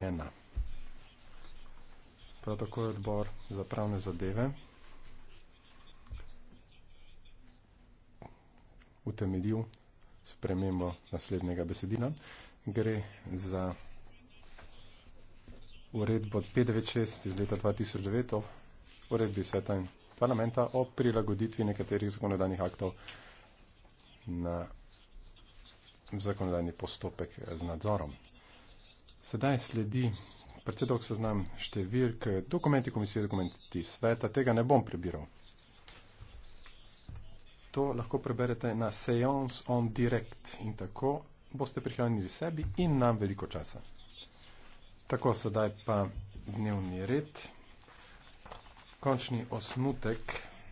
ena. Prav tako je odbor za pravne zadeve utemeljil spremembo naslednjega besedila. Gre za uredbo 596 iz leta 2009 o uredbi sveta in parlamenta o prilagoditvi nekaterih zakonodajnih aktov na zakonodajni postopek z nadzorom. Sedaj sledi predvsej dolg seznam številk, dokumenti komisije, dokumenti sveta, tega ne bom prebiral. To lahko preberete na Seance on Direct in tako boste prihranili sebi in nam veliko časa. Tako sedaj pa dnevni red, končni osnutek